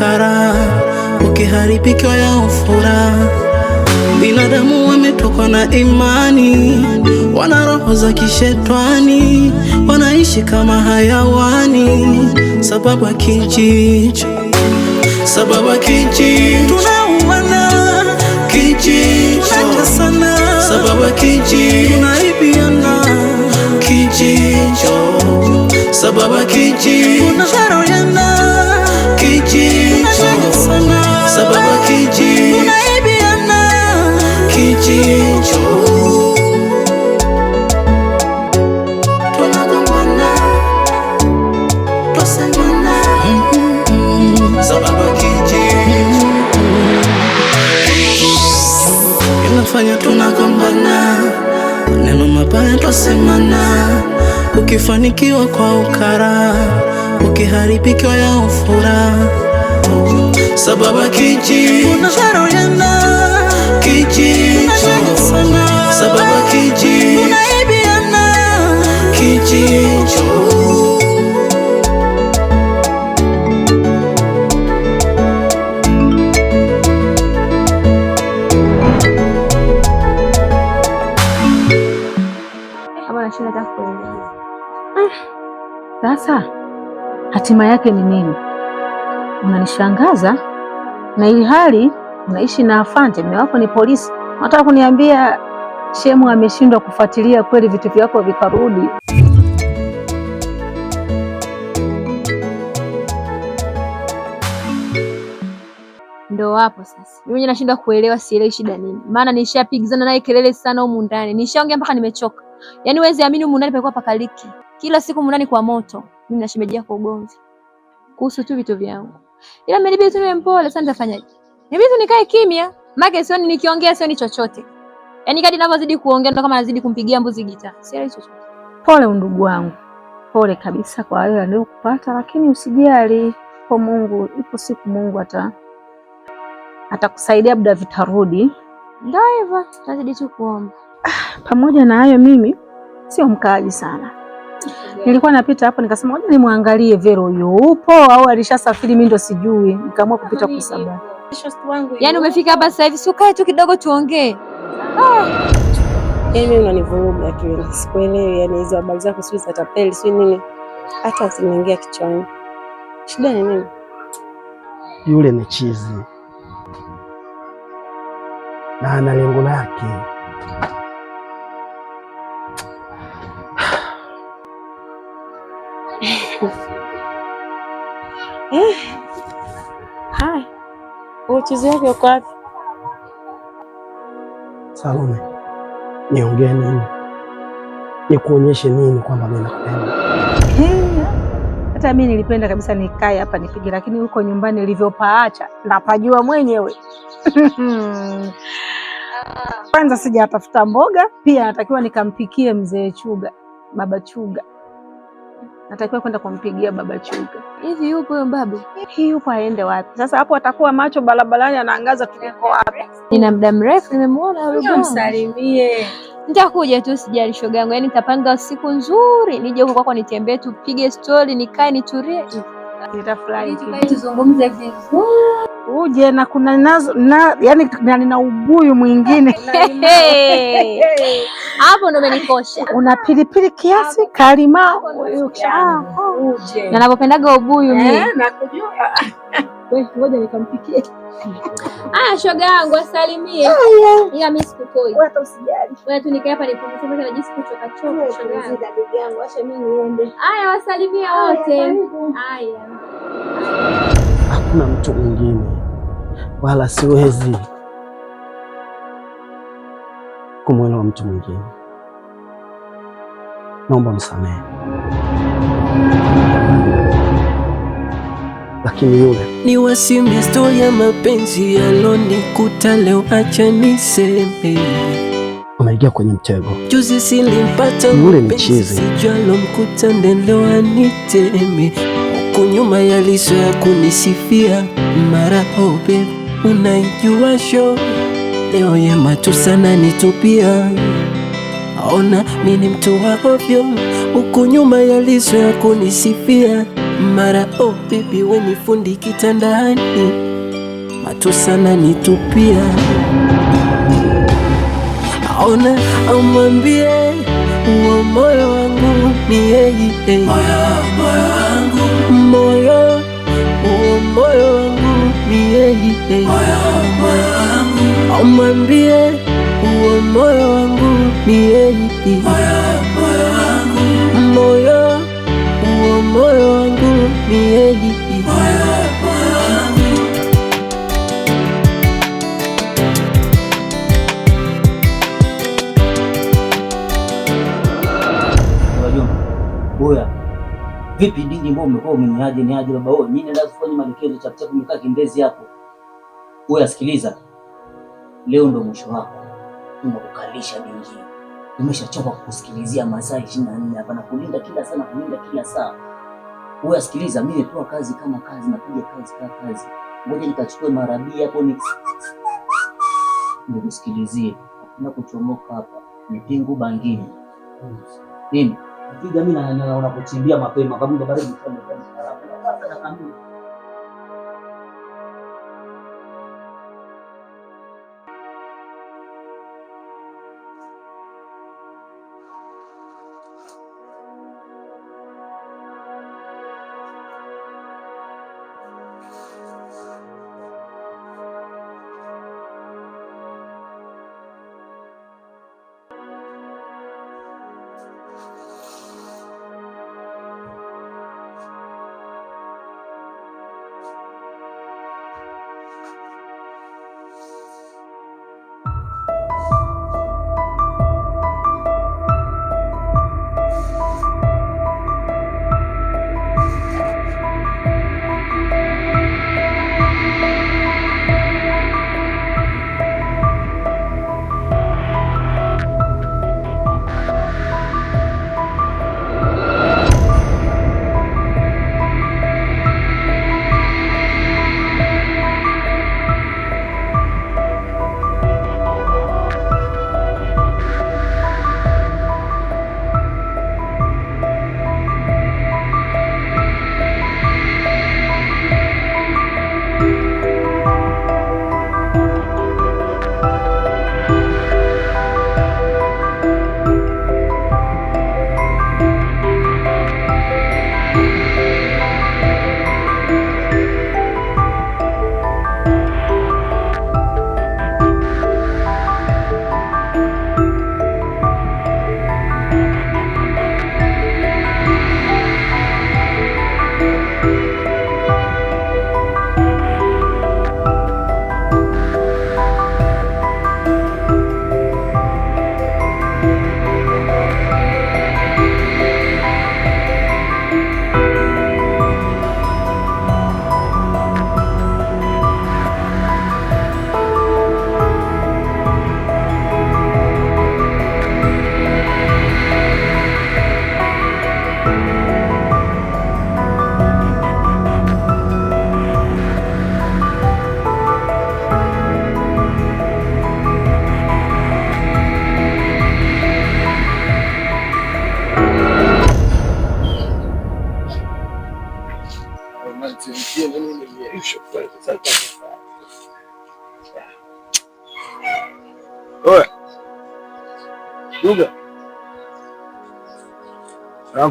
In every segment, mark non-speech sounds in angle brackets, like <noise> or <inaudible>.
makara, ukiharibikiwa ya ufura. Binadamu wametokwa na imani, wana roho za kishetwani, wanaishi kama hayawani, sababu ya kijiji, sababu ya kijiji, tunauana kijiji, tunatesana sababu ya kijiji, tunaibiana kijiji, sababu ya kijiji Wapendwa semana, ukifanikiwa kwa ukara, ukiharibikiwa ya ufura sababa kiji hatima yake ni nini? Unanishangaza, na ili hali unaishi na afante mume wako ni polisi. Unataka kuniambia shemu ameshindwa kufuatilia kweli vitu vyako vikarudi? Ndo hapo sasa, mimi nashindwa kuelewa, sielewi shida nini, maana nishapigizana naye kelele sana humu ndani, nishaongea mpaka nimechoka. Yaani wezi amini humu ndani palikuwa pakaliki, kila siku humu ndani kwa moto, mimi nashemejea kwa ugomvi kuhusu tu vitu vyangu, ila imenibidi tu niwe mpole sana. Nitafanyaje? Inabidi tu nikae kimya, maana sioni nikiongea, sioni chochote. Yaani kadi ninavyozidi kuongea ndo kama nazidi kumpigia mbuzi gitaa, sielewi chochote. Pole undugu wangu, pole kabisa kwa hayo aliyokupata, lakini usijali. Kwa Mungu, ipo siku Mungu ata atakusaidia, labda vitarudi. Ndio hivyo, tutazidi tu kuomba. Ah, pamoja na hayo, mimi sio mkaaji sana Nilikuwa napita hapo nikasema ngoja nimwangalie Vero yupo au alishasafiri, mimi ndo sijui, nikaamua kupita kwa sababu. Yaani umefika hapa sasa hivi, si ukae tu kidogo tuongee? Mimi ah. yaani unanivuruga akili, sikuelewi. yani hizo habari zako sio za tapeli sio nini, hata zinaingia kichwani. Shida ni nini? Yule ni chizi na ana lengo lake. michezo yake yuko wapi? Salome, niongee nini? Nikuonyeshe nini kwamba mimi nakupenda? Hata mimi nilipenda kabisa nikae hapa nipige, lakini huko nyumbani nilivyopaacha napajua mwenyewe. <laughs> Kwanza sijatafuta mboga, pia natakiwa nikampikie mzee Chuga, baba Chuga natakiwa kwenda kumpigia baba Chuga. Hivi yupo huyo babu? Hii yupo, aende wapi sasa? Hapo atakuwa macho barabarani, anaangaza tuliko wapi. Nina muda mrefu nimemuona, msalimie. Nitakuja tu, sijali shoga yangu, yaani nitapanga siku nzuri nije huko kwako, nitembee, tupige stori, nikae niturie. nitafurahi, tuzungumze vizuri uje na kuna nazo na, yani na nina ubuyu mwingine <laughs> hapo, ndo umenikosha. Una pilipili kiasi, kalima ah, ah. na napopendaga ubuyu mimi eh, <laughs> ngoja nikampikie. Ah, shoga yangu asalimie. Ila mimi sikukoi. Wewe hata usijali. Wewe tu nikae hapa nipumzike kwanza na jisikie kuchoka choka shoga yangu. Ndugu yangu acha mimi niende. Haya wasalimie wote. Haya. Hakuna mtu mwingine wala siwezi kumwelewa mtu mwingine. Naomba msamehe. Lakini yule ni wasimu ya mapenzi yalonikuta leo, acha niseme unaingia kwenye mtego. Juzi silimpata yule ni mkuta sijalomkuta ndendo aniteme huku nyuma yaliso ya kunisifia mara obe Unaijua show leo yema matusa na nitupia ona mini mtu wa ovyo huku nyuma ya liso ya kunisifia mara oh bibi we ni fundi kitandani matusa na nitupia ona amwambie uo moyo wangu ni yeye moyo moyo wangu moyo uo moyo wangu Umwambie uwe moyo wangu nie moyo uwe moyo wangu nie Vipi dini mbona umekuwa umeniaje niaje baba wewe? Mimi naenda kufanya maelekezo cha chapu nimekaa kimbezi hapo. Wewe asikiliza. Leo ndo mwisho wako. Nimekukalisha dingi. umeshachoka kukusikilizia masaa 24 hapa na kulinda kila sana kulinda kila saa. Wewe asikiliza, mimi nimepewa kazi kama kazi na kuja kazi kama kazi. Ngoja nikachukue marabia hapo ni nikusikilizie. Hakuna kuchomoka hapa. Ni pingu bangili. Nini? Ukija mimi naona kuchimbia mapema kabla baridi sana.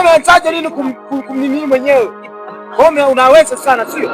Unahitaji nini kumnini mwenyewe? Wewe unaweza sana, sio?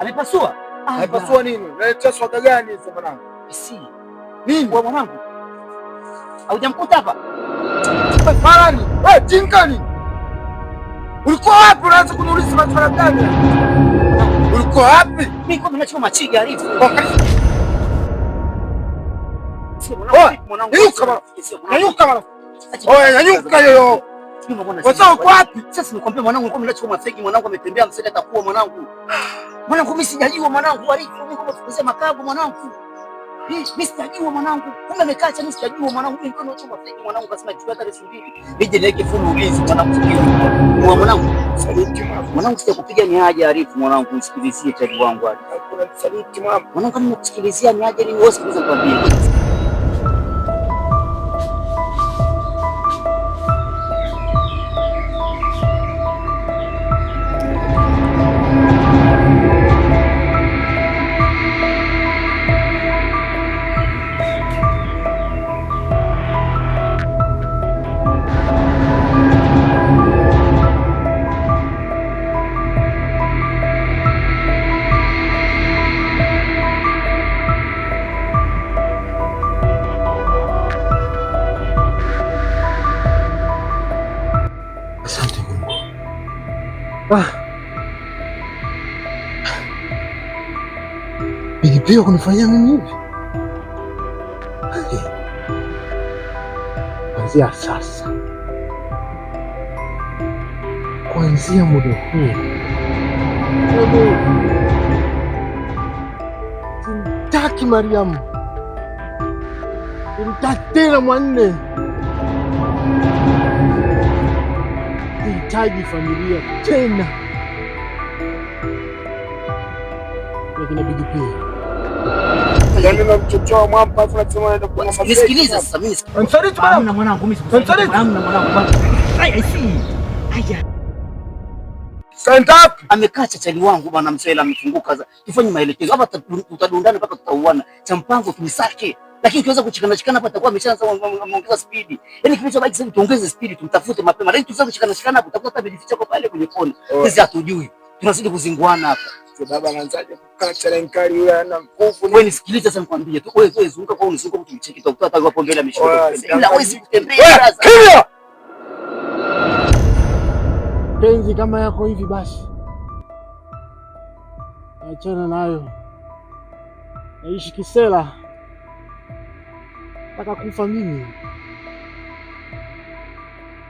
Amepasua? Ah, Amepasua nini? Unaletea swaga gani hizo mwanangu? Si. Nini? Kwa mwanangu. Haujamkuta hapa? Farani, wewe jinga Ulikuwa wapi unaanza kuniuliza maswali gani? Ulikuwa wapi? Mimi kwa mnacho machiga alifu. Mwanangu. mwanangu. Kwa mwanangu ametembea msele atakuwa mwanangu. Mwanangu mimi sijajua mwanangu, alisema makabu mwanangu, mimi sijajua mwanangu, kumbe amekaa mimi sijajua mwanangu, mimi ndio chuma fake mwanangu, kasema chukua tarehe mbili nije niweke fumu ulinzi mwanangu, mwa mwanangu, saluti mwanangu sitakupiga ni haja arifu mwanangu, nisikilizie tabu wangu, hapa, saluti mwanangu nimekusikilizia ni haja ni wewe, sikiliza nikwambie hapa. Pilipili kunifanyia mimi hivi? Kuanzia sasa, kuanzia muda huu simtaki Mariamu, simtaki tena mwanne. Sihitaji familia tena, lakini Big P nisikiliza sasa. Amekaa chachali wangu bwana msela amefunguka. Tufanye maelekezo hapa, mpaka tutauana. Cha mpango tumisake lakini ukiweza kuchikana chikana hapo atakuwa ameshaanza kuongeza speed. Yani kilicho bike sasa tuongeze speed, tumtafute mapema, lakini tukiweza kuchikana chikana hapo atakuwa amejificha kwa pale kwenye kona. Oh. Sisi hatujui, tunazidi kuzinguana hapa. Sio baba anaanzaje kukata na kali yule ana nguvu. Wewe nisikilize sasa, nikwambie tu wewe, wewe zunguka kwa unizunguka mtu mcheki utakuta atakuwa hapo mbele ameshika. Oh, ila hawezi kutembea eh, sasa. Kimya. Penzi kama yako hivi basi achana nayo, naishi kisela mpaka kufa mimi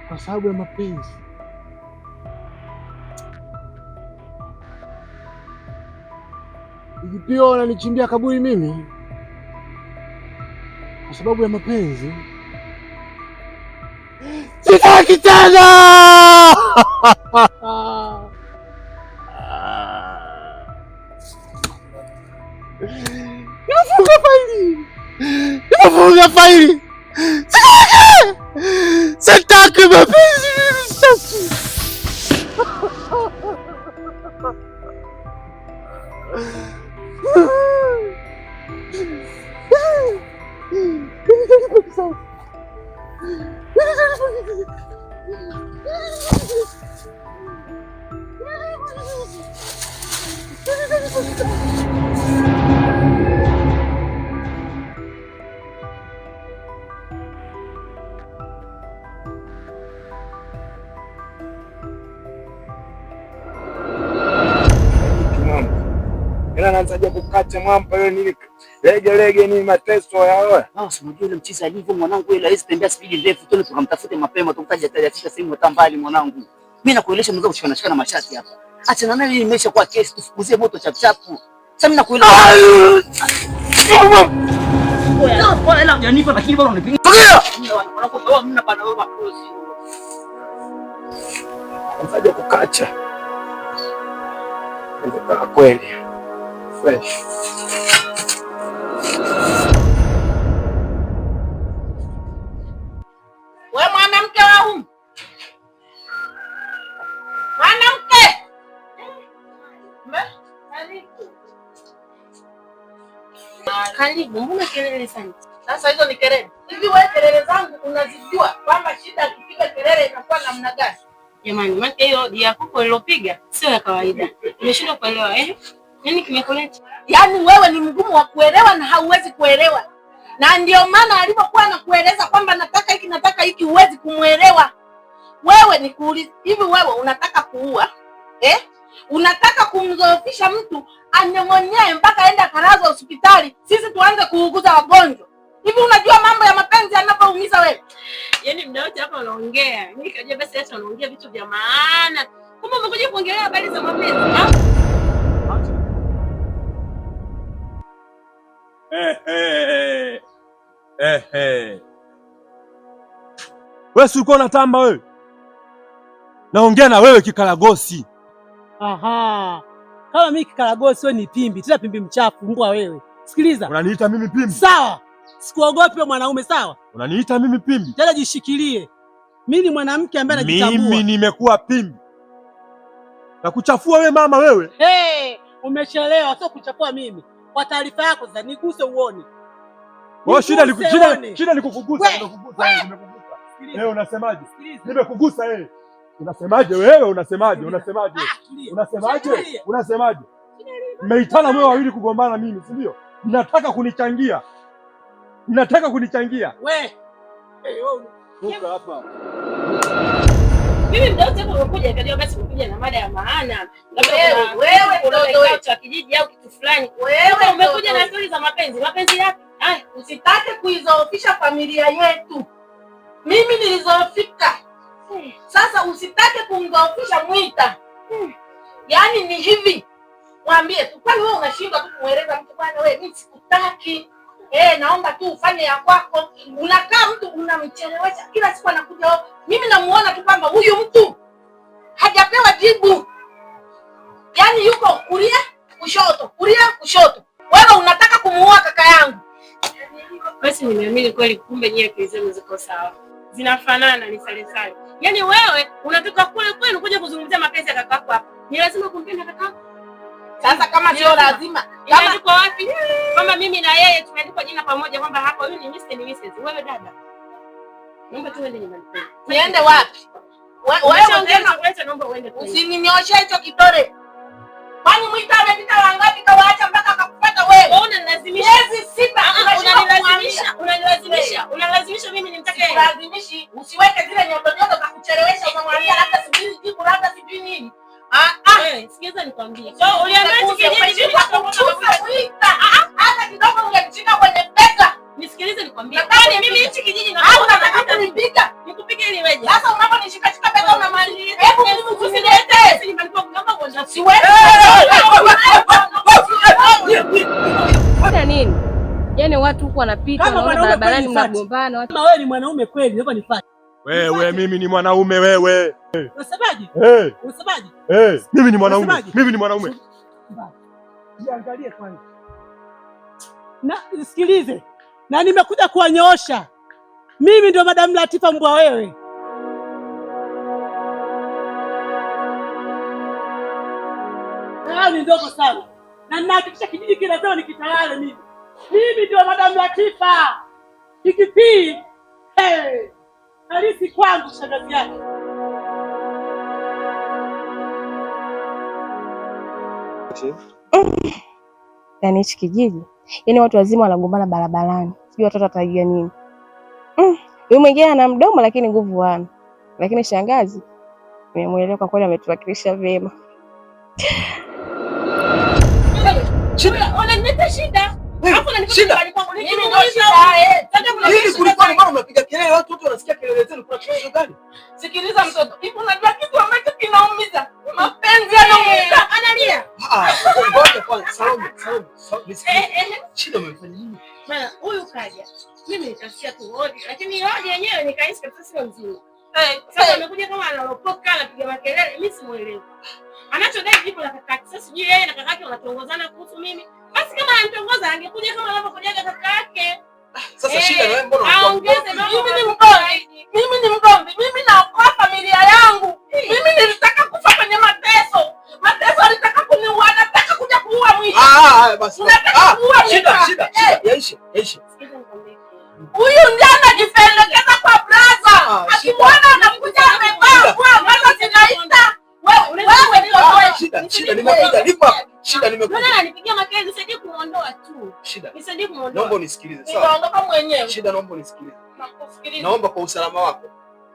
kwa sababu ya mapenzi. Jipio wananichimbia kaburi mimi kwa sababu ya mapenzi. Sitaki tena! <laughs> Bye. tena anaanzaje kukata mwamba yule nini lege lege ni mateso ya wewe. Ah, si mjue yule mchizi alivyo mwanangu, ile hawezi tembea spidi ndefu, tuone tukamtafute mapema tumtaje atajafika sehemu hata mbali mwanangu. Mimi nakuelesha mzee kushikana shikana mashati hapa. Acha na nani imesha kwa kesi tufukuzie moto chap chap. Sasa mimi nakueleza. Oya, lakini bado unanipiga. Mwanangu, mimi napana Kweli fresh. We mwanamke wa umu, mwanamke karibu, mbona kelele sana? Sasa hizo ni kelele. Hivi wewe kelele zangu unazijua kwamba shida kipiga kelele inakuwa namna gani? Jamani, hiyo ya kuku lilopiga sio ya kawaida. Nimeshindwa kuelewa eh? Nini kimekuleta? Yaani wewe ni mgumu wa kuelewa na hauwezi kuelewa, na ndio maana alipokuwa anakueleza kwamba nataka hiki nataka hiki, huwezi kumwelewa wewe. Ni kuuliza hivi, wewe unataka kuua eh? Unataka kumzoofisha mtu anyong'onyee mpaka aende akalazwa hospitali, sisi tuanze kuuguza wagonjwa? Hivi unajua mambo ya mapenzi yanapoumiza wewe? Yaani mda wote hapa unaongea, mimi kajua basi hata unaongea vitu vya maana, kumbe umekuja kuongelea habari za mapenzi. Ehe, wewe si ulikuwa unatamba wewe? Naongea na wewe kikaragosi. Aha, kama mimi kikaragosi, wewe ni pimbi, tena pimbi mchafu. Mbwa wewe, sikiliza. Unaniita mimi pimbi? Sawa, wewe mwanaume. Sawa, unaniita mimi pimbi? Tena jishikilie, mimi ni mwanamke ambaye anajitambua. Mimi nimekuwa pimbi na kuchafua wewe mama wewe. Hey, umechelewa, sio kuchafua mimi. Kwa taarifa yako, za niguse uone Shida ni kukugusa. Wewe unasemaje? Nimekugusa wewe. Unasemaje wewe? Unasemaje? Unasemaje? Ah, unasemaje? Unasemaje? Mmeitana mwe wawili kugombana mimi, si ndio? Nataka kunichangia. Mnataka kunichangia. Wewe. Toka hapa. Mimi mda wote hapo umekuja basi umekuja na mada ya maana. Wewe wewe kuna ndoto kijiji au kitu fulani. Wewe umekuja na stori za mapenzi. Mapenzi yapi? Ay, eh, usitake kuizoofisha familia yetu. Mimi nilizoofika, hmm. sasa usitake kumzoofisha Mwita. Hmm. Yaani ni hivi, mwambie tu, kwani wewe unashindwa tu kumweleza mtu bwana, wewe mimi sikutaki Eh, naomba tu ufanye ya kwako. Unakaa mtu unamchelewesha kila siku, anakuja mimi namuona tu kwamba huyu mtu hajapewa jibu, yaani yuko kulia kushoto, kulia kushoto. Wewe unataka kumu basi nimeamini kweli, kumbe nyie akili zenu ziko sawa, zinafanana, ni sare sare. Yaani wewe unatoka kule kwenu kuja kuzungumzia mapenzi ya kakako hapa, ni lazima kumpenda kakako. Sasa kama sio yaani lazima, kama iko wapi Kama mimi na yeye tumeandikwa jina pamoja kwamba hapo huyu ni Mr. ni Mrs. Wewe dada, naomba tuende nyumbani. Niende wapi? Wewe uende, naomba uende, usininyoshe hicho kidole. Kwani Mwita amepita wangapi kawaacha mpaka akakufuata wewe? Miezi sita ah, ah, unanilazimisha, unanilazimisha, unalazimisha mimi nimtake. Lazimishi, usiweke zile nyondonyondo za kuchelewesha unamwambia labda sijui jibu labda sijui nini. Ah ah, sikiza nikwambie. So uliambia kinyesi mimi nakumchuka Mwita. Ah, Hata kidogo ungemchika kwenye bega. Nisikilize nikwambie. Kwani mimi hichi kijiji na unataka kunipiga? Nikupige ili weje. Sasa unaponishika Kuna nini? Yaani watu huko wanapita barabarani mnagombana. Wewe ni mwanaume kweli, Wewe mimi ni mwanaume wewe. Unasemaje? Eh. Unasemaje? Eh, mimi ni mwanaume. Mimi ni mwanaume. Jiangalie kwanza. Na nisikilize. Na nimekuja kuwanyoosha. Mimi ndio Madam Latifa mbwa wewe. yangu ni ndogo sana, na ninahakikisha kijiji kile leo nikitawale mimi. Mimi ndio madam ya Tifa Pikipii hey, halisi kwangu, shangazi yake. Yaani hichi kijiji, yaani watu wazima wanagombana barabarani, sijui watoto watajua nini. Mm, huyu mwingine ana mdomo lakini nguvu hana, lakini shangazi nimemwelewa kwa kweli, ametuwakilisha vyema. Unapiga kelele, watu wote wanasikia kelele zenu. Kuna tatizo gani? Sikiliza mtoto, unajua kitu ambacho kinaumiza mapenzi yanaumiza, analia. Huyu kaja, mimi nikasikia tu hodi, lakini hodi yenyewe nikaisikia sio nzuri. Eh, sasa eh. amekuja kama analopoka, anapiga makelele, mimi simuelewi anachodai jipo la kakake. Sasa sijui yeye na kakake wanatongozana kuhusu mimi, basi kama anitongoza angekuja kama anavyokujaga kaka yake. Ah, sasa eh, shida wewe, mbona unaongeza? Mimi ni mgomvi, mimi ni mgomvi, mimi naokoa familia yangu. Eh. Mimi nilitaka kufa kwenye mateso, mateso alitaka kuniua, nataka kuja kuua mwili. Ah, ah, ah basi nataka Shida, shida, eh. shida, yaisha, yaisha. Huyu ndiye anajipendekeza kwa brother, akimwona anakuja amevaa kwa maana zinaita Nipigia Naomba kwa usalama wako,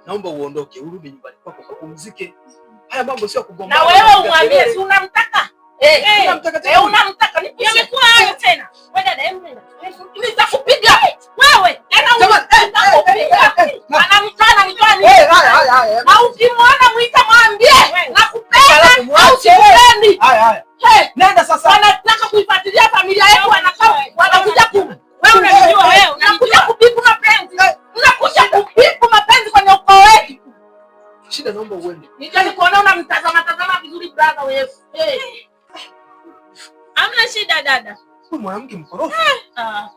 naomba uondoke, urudi nyumbani kwako kupumzike. Haya mambo sio kugombana. Na wewe umwambie, si unamtaka? Eh, unamtaka. Yamekuwa hayo tena. Wewe dada, nitakupiga wewe jamani, ukimwona mwita mwambie nakupenda au sikupendi. Nenda sasa, wanataka kuifuatilia familia yetu, wanakuja ku wewe unajua mapenzi, unakuja kubibu mapenzi kwenye ukoo wetu. Shida, naomba uende, nitakuona unamtazama tazama vizuri brother wewe. Hamna shida dada, mwanamke mkorofi. Ah,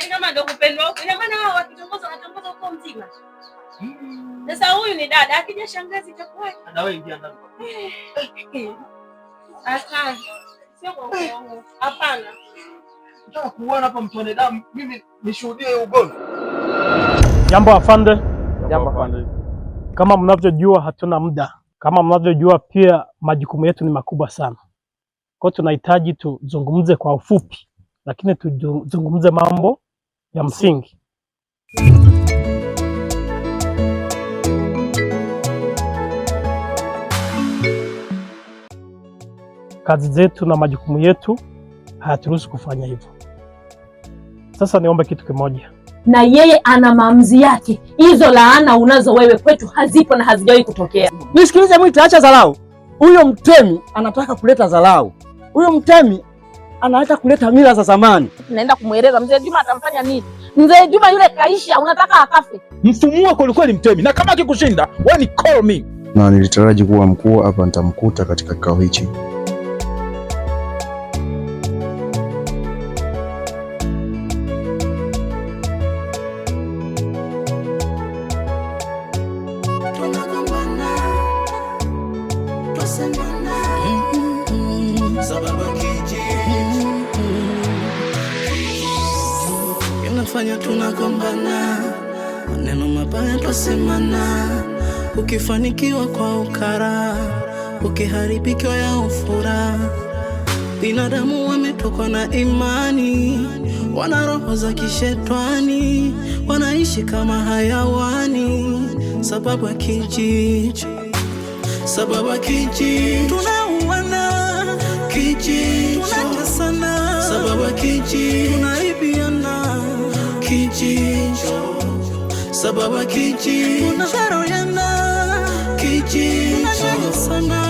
Yaani kama ndio kupendwa huko. Ina maana wao wakitongoza wanatongoza huko mzima. Sasa huyu ni dada, akija shangazi wewe ingia ndani. Eh. Sio kwa Hapana. Nataka kuona hapa mtone damu mimi nishuhudie Jambo afande. Jambo afande. Kama mnavyojua hatuna muda. Kama mnavyojua pia majukumu yetu ni makubwa sana. Kwa hiyo tunahitaji tuzungumze kwa ufupi, lakini tuzungumze mambo ya msingi. Kazi zetu na majukumu yetu hayaturuhusu kufanya hivyo. Sasa niombe kitu kimoja, na yeye ana maamuzi yake. Hizo laana unazo wewe kwetu hazipo na hazijawahi kutokea. Nisikilize Mwita, acha dharau. Huyo mtemi anataka kuleta dharau. Huyo mtemi anaacha kuleta mila za zamani. Naenda kumweleza mzee Juma, atamfanya nini? Mzee Juma yule kaisha, unataka akafe? Mfumua kwelikweli, Mtemi, na kama akikushinda, wewe ni call me. Na nilitaraji kuwa mkuu hapa nitamkuta katika kikao hichi. Fanikiwa kwa ukara, ukiharibikiwa ya ufura. Binadamu wametokwa na imani, wana roho za kishetwani, wanaishi kama hayawani, sababu ya kijiji, sababu ya kijiji, tunauana kijiji, tunatesana sababu ya kijiji, tunaibiana kijiji, sababu ya kijiji, tunadharauana kichwa